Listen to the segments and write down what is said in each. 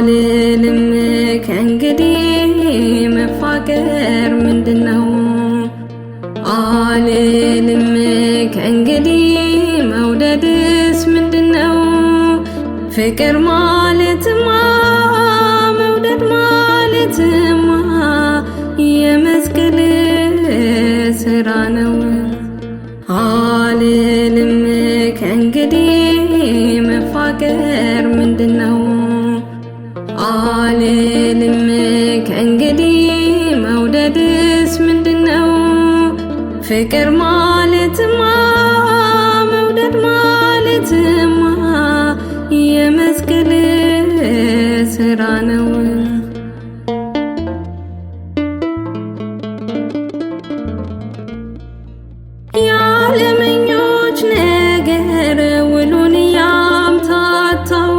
አልልም ከእንግዲህ መፋቀር ምንድን ነው? አልልም ከእንግዲህ መውደድስ ምንድን ነው? ፍቅር ማ ፍቅር ማለትማ መውደድ ማለትማ የመስቀል ስራ ነው። የዓለመኞች ነገር ውሉን ያምታታው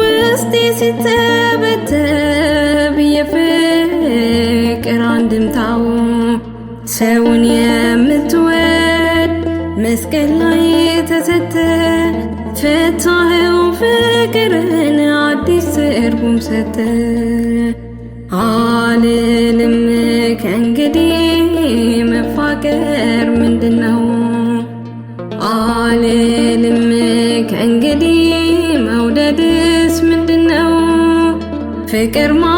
ውስጤ ሲተበተብ የፍቅር ሰውን የምትወድ መስቀል ላይ ተሰተ ፈታህው ፍቅርን አዲስ ትርጉም ሰተ አልልም ከእንግዲህ መፋቀር ምንድን ነው? አልልም ከእንግዲህ መውደድስ ምንድን ነው? ፍቅር ማ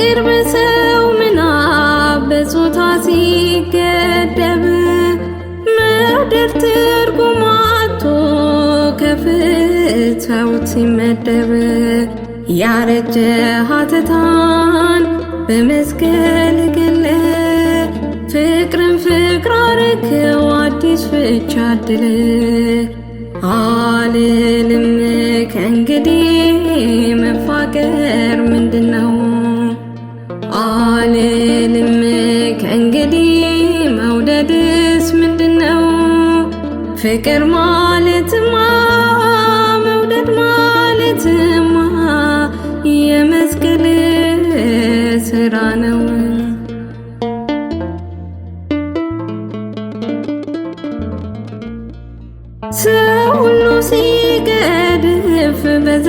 የቅርብ ሰው ምናብ በጾታ ሲገደብ መውደር ትርጉም አጥቶ ሲመደብ ያረጀ ሀተታን በመስቀል ገለ ፍቅርን ፍቅር አረከው አዲስ ፍቻ አልልም ከእንግዲህ ፍቅር ማለትማ መውደድ ማለትማ የመስቀል ስራ ነው። ሰው ሁሉ ሲገድፍ በዘ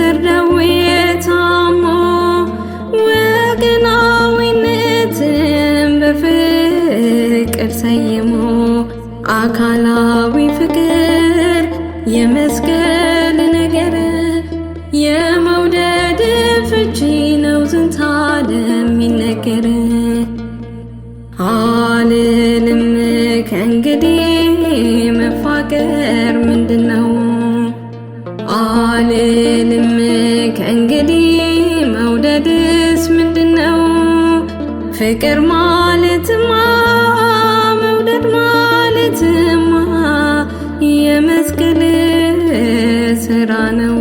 እንግዲህ መፋቀር ምንድን ነው? አልልም ከእንግዲህ መውደድስ ምንድን ነው? ፍቅር ማለትማ መውደድ ማለትማ የመስቀል ስራ ነው።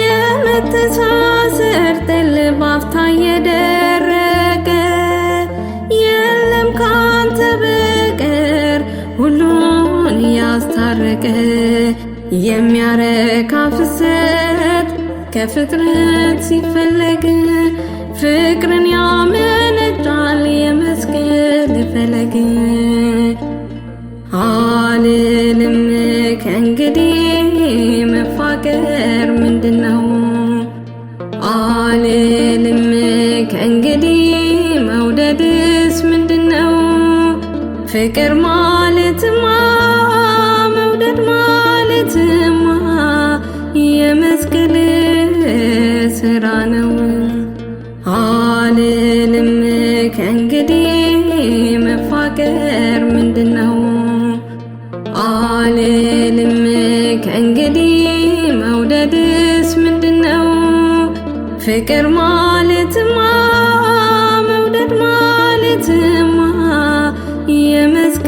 የመተሳሰር ጥል ላፍታ የደረቀ የለም ካንተ በቀር ሁሉን ያስታረቀ የሚያረካ ፍሰት ከፍጥረት ሲፈለግ ፍቅርን ያመነጫል የመስቀል ፈለግ። አልልም ከእንግዲህ መፋቀር ፍቅር ማለትማ መውደድ ማለትማ የመስቀል ስራ ነው። አልልም ከእንግዲህ መፋቀር ምንድን ነው? አልልም ከእንግዲህ መውደድስ ምንድን ነው? ፍቅር ማለትማ መውደድ ማለትማ Jim is